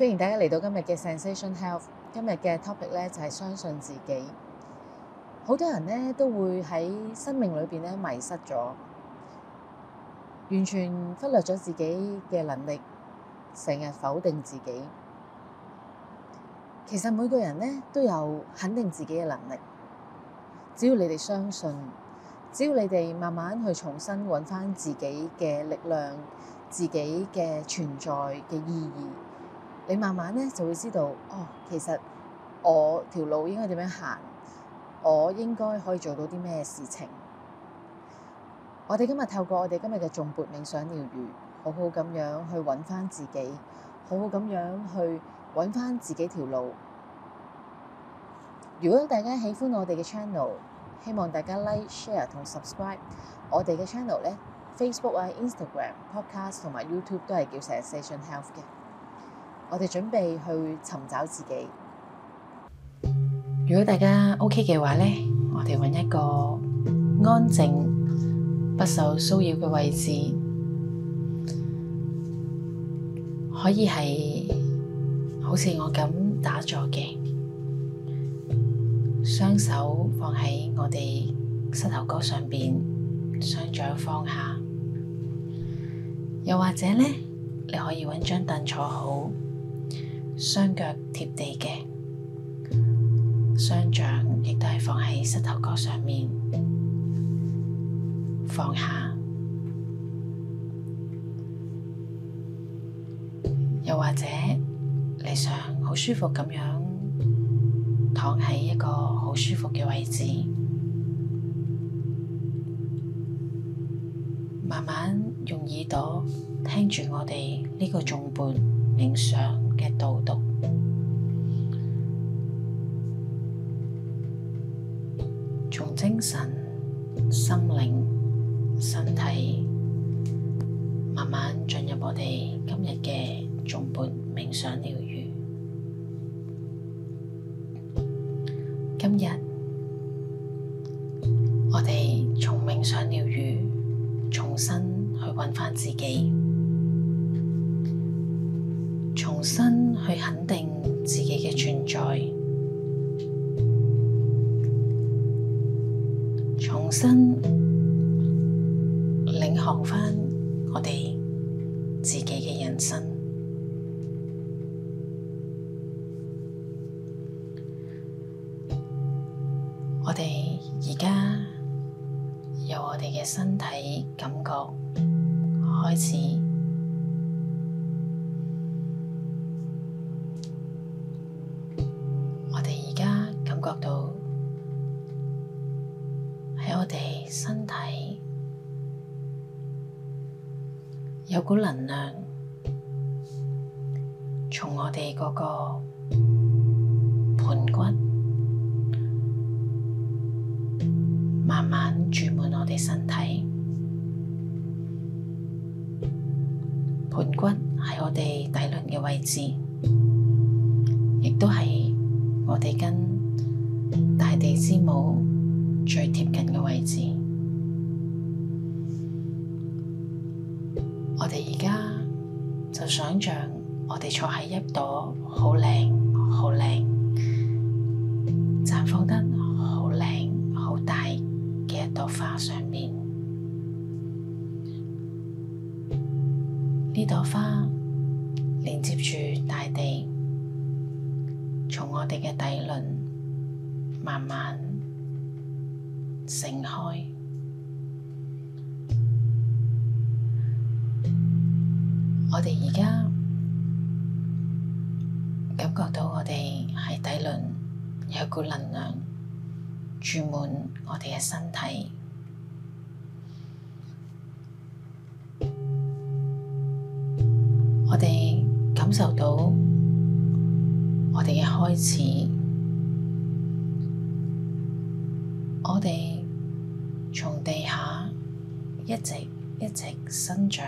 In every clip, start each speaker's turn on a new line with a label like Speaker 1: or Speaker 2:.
Speaker 1: 歡迎大家嚟到今日嘅 Zensation Health。今日嘅 topic 咧就係相信自己。好多人咧都會喺生命裏邊咧迷失咗，完全忽略咗自己嘅能力，成日否定自己。其實每個人咧都有肯定自己嘅能力，只要你哋相信，只要你哋慢慢去重新揾返自己嘅力量，自己嘅存在嘅意義。你慢慢咧就會知道，哦，其實我條路應該點樣行，我應該可以做到啲咩事情。我哋今日透過我哋今日嘅頌缽冥想療癒，好好咁樣去揾翻自己，好好咁樣去揾翻自己條路。如果大家喜歡我哋嘅 channel，希望大家 like share、share 同 subscribe 我哋嘅 channel 咧，Facebook 啊、Instagram、Podcast 同埋 YouTube 都係叫 Zensation Health 嘅。我哋準備去尋找自己。如果大家
Speaker 2: OK 嘅話呢，我哋揾一個安靜、不受騷擾嘅位置，可以係好似我咁打坐嘅，雙手放喺我哋膝頭哥上面，雙掌放下。又或者呢，你可以揾張凳坐好。雙腳貼地嘅，雙掌亦都係放喺膝頭哥上面放下，又或者你想好舒服咁樣躺喺一個好舒服嘅位置，慢慢用耳朵聽住我哋呢個頌缽冥想。嘅從精神、心靈、身體，慢慢進入我哋今日嘅頌缽冥想療愈。今日。肯定自己嘅存在，重新。有股能量從我哋嗰個盤骨慢慢注滿我哋身體。盤骨係我哋底輪嘅位置，亦都係我哋跟大地之母最貼近嘅位置。我想象我哋坐喺一朵好靚、好靚、綻放得好靚、好大嘅一朵花上面，呢朵花連接住大地，從我哋嘅底輪慢慢盛開。我哋而家感覺到我哋喺底輪有一股能量注滿我哋嘅身體，我哋感受到我哋嘅開始，我哋從地下一直一直生長，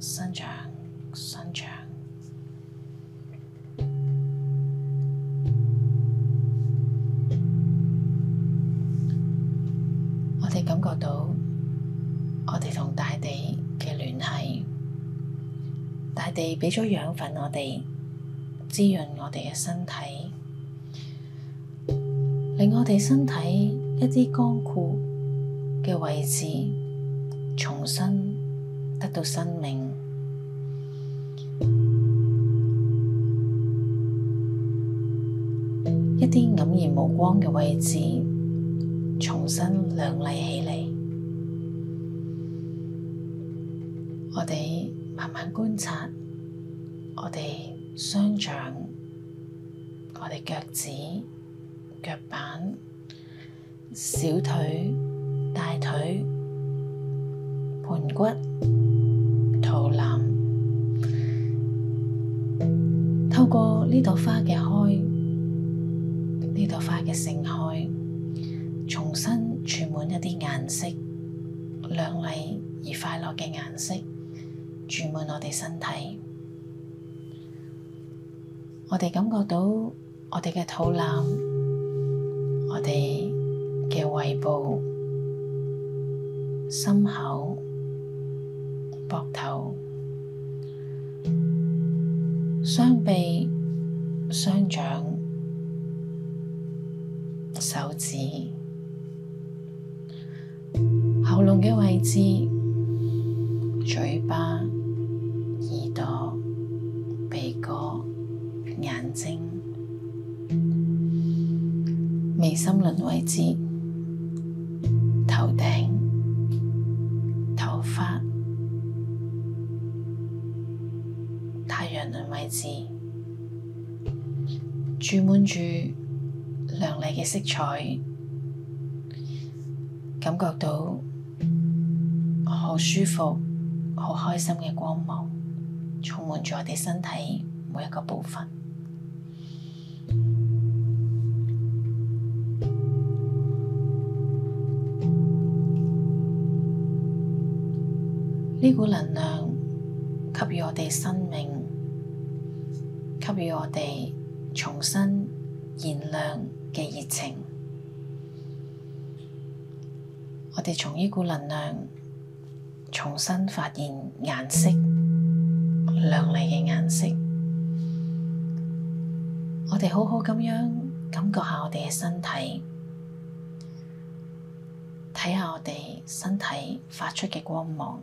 Speaker 2: 生長。生長，我哋感覺到我哋同大地嘅聯繫，大地畀咗養分我哋，滋潤我哋嘅身體，令我哋身體一啲乾枯嘅位置重新得到生命。啲黯然無光嘅位置重新亮麗起嚟。我哋慢慢觀察，我哋雙掌、我哋腳趾、腳板、小腿、大腿、盆骨、肚腩，透過呢朵花嘅開。嘅盛開，重新注滿一啲顏色，亮麗而快樂嘅顏色，注滿我哋身體。我哋感覺到我哋嘅肚腩，我哋嘅胃部、心口、膊頭、雙臂、雙掌。喉嚨嘅位置、嘴巴、耳朵、鼻哥、眼睛、眉心輪位置、頭頂、頭髮、太陽輪位置，注滿住嘅色彩，感覺到好舒服、好開心嘅光芒，充滿住我哋身體每一個部分。呢 股能量給予我哋生命，給予我哋重新燃亮。嘅熱情，我哋從呢股能量重新發現顏色，亮麗嘅顏色。我哋好好咁樣感覺下我哋嘅身體，睇下我哋身體發出嘅光芒。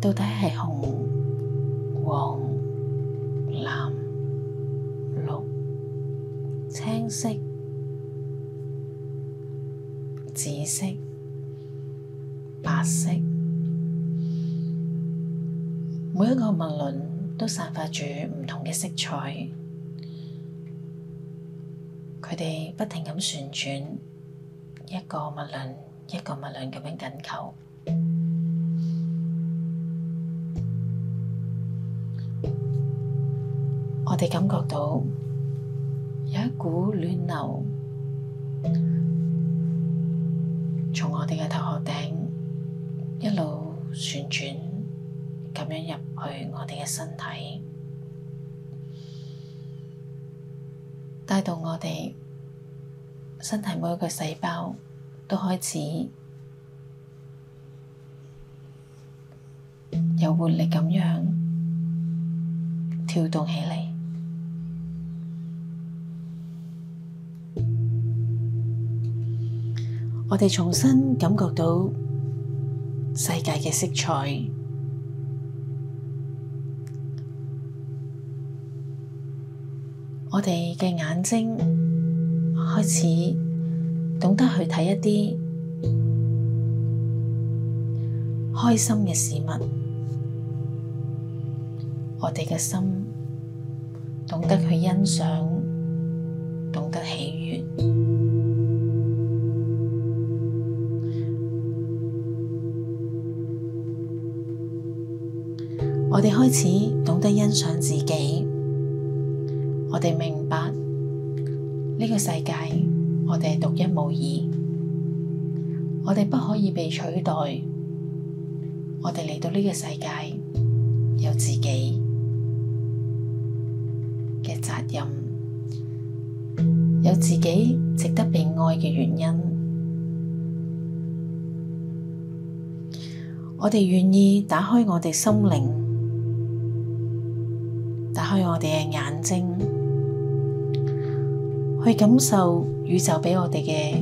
Speaker 2: 到底係紅、黃、藍、綠、青色、紫色、白色，每一個脈輪都散發住唔同嘅色彩，佢哋不停咁旋轉，一個脈輪一個脈輪咁樣緊扣。你感覺到有一股暖流從我哋嘅頭殼頂一路旋轉，咁樣入去我哋嘅身體，帶動我哋身體每一個細胞都開始有活力咁樣跳動起嚟。我哋重新感覺到世界嘅色彩，我哋嘅眼睛開始懂得去睇一啲開心嘅事物，我哋嘅心懂得去欣賞。我哋開始懂得欣賞自己，我哋明白呢個世界我哋係獨一無二，我哋不可以被取代。我哋嚟到呢個世界有自己嘅責任，有自己值得被愛嘅原因。我哋願意打開我哋心靈。去我哋嘅眼睛，去感受宇宙畀我哋嘅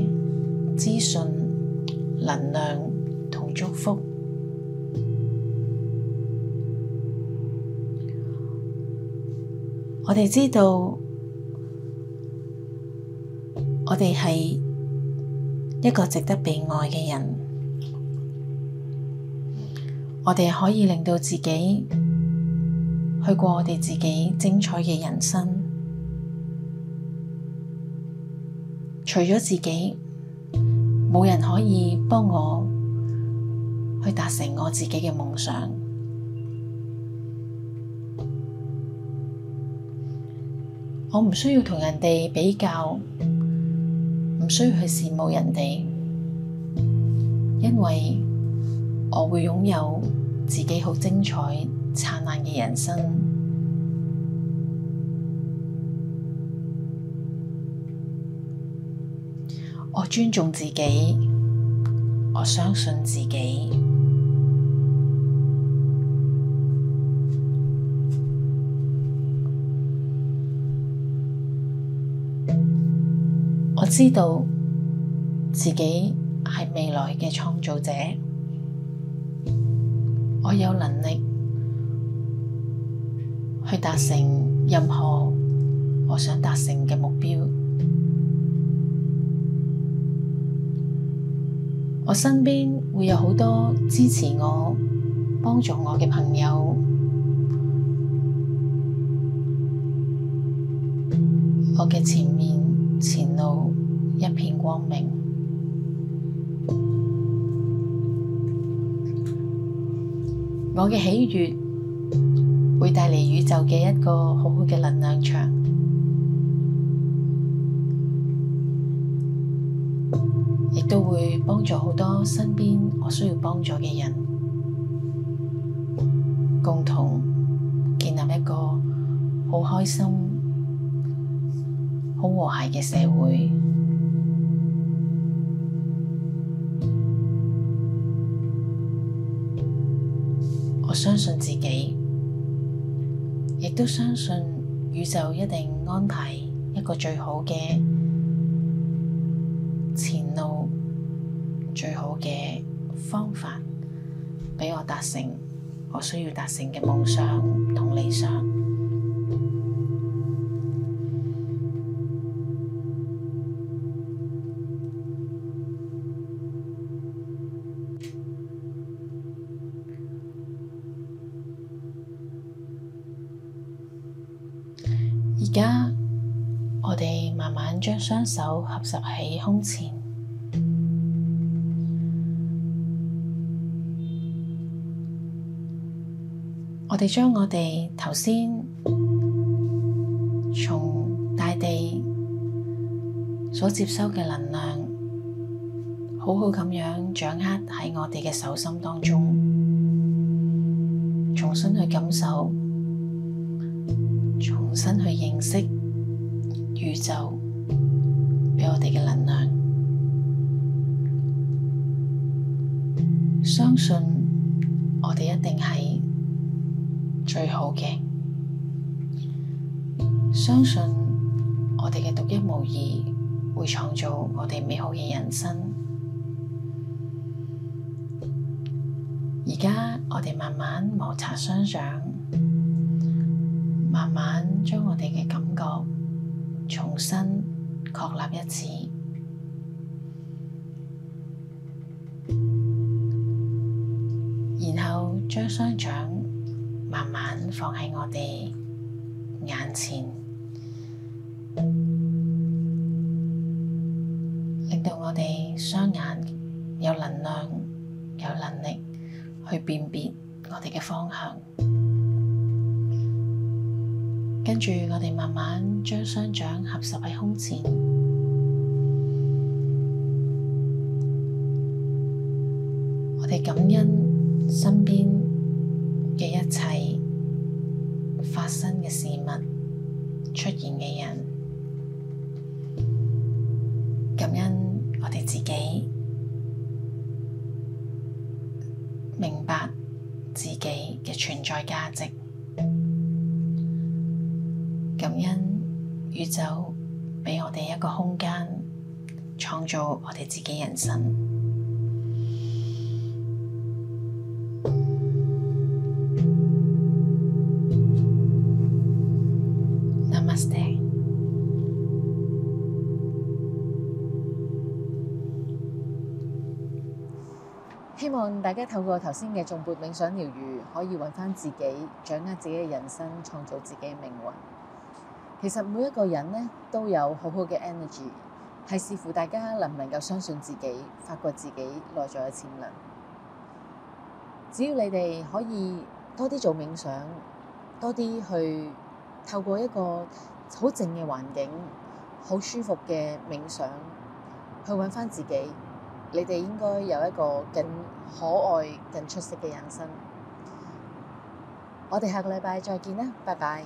Speaker 2: 資訊、能量同祝福。我哋知道，我哋係一個值得被愛嘅人。我哋可以令到自己。去過我哋自己精彩嘅人生，除咗自己，冇人可以幫我去達成我自己嘅夢想。我唔需要同人哋比較，唔需要去羨慕人哋，因為我會擁有自己好精彩。燦爛嘅人生，我尊重自己，我相信自己，我知道自己係未來嘅創造者，我有能力。去達成任何我想達成嘅目標，我身邊會有好多支持我、幫助我嘅朋友，我嘅前面，前路一片光明，
Speaker 1: 我嘅喜悅。
Speaker 2: 會帶嚟宇宙嘅一個好好嘅能量場，亦都會幫助好多身邊我需要幫助嘅人，共同建立一個好開心、好和諧嘅社會。我相信自己。都相信宇宙一定安排一個最好嘅前路、最好嘅方法，畀我達成我需要達成嘅夢想同理想。而家我哋慢慢將雙手合十喺胸前，我哋將我哋頭先從大地所接收嘅能量，好好咁樣掌握喺我哋嘅手心當中，重新去感受。重新去認識宇宙俾我哋嘅能量，相信我哋一定係最好嘅，相信我哋嘅獨一無二會創造我哋美好嘅人生。而家我哋慢慢摩擦雙掌。慢慢將我哋嘅感覺重新確立一次，然後將雙掌慢慢放喺我哋眼前，令到我哋雙眼有能量、有能力去辨別我哋嘅方向。跟住，我哋慢慢將雙掌合十喺胸前。我哋感恩身邊嘅一切發生嘅事物、出現嘅人，感恩我哋自己明白自己嘅存在價值。感恩宇宙俾我哋一個空間，創造我哋自己人生。Namaste。
Speaker 1: 希望大家透過頭先嘅頌缽冥想療癒，可以搵返自己，掌握自己嘅人生，創造自己嘅命運。其實每一個人咧都有好好嘅 energy，係視乎大家能唔能夠相信自己，發掘自己內在嘅潛能。只要你哋可以多啲做冥想，多啲去透過一個好靜嘅環境、好舒服嘅冥想，去揾翻自己，你哋應該有一個更可愛、更出色嘅人生。我哋下個禮拜再見啦，拜拜。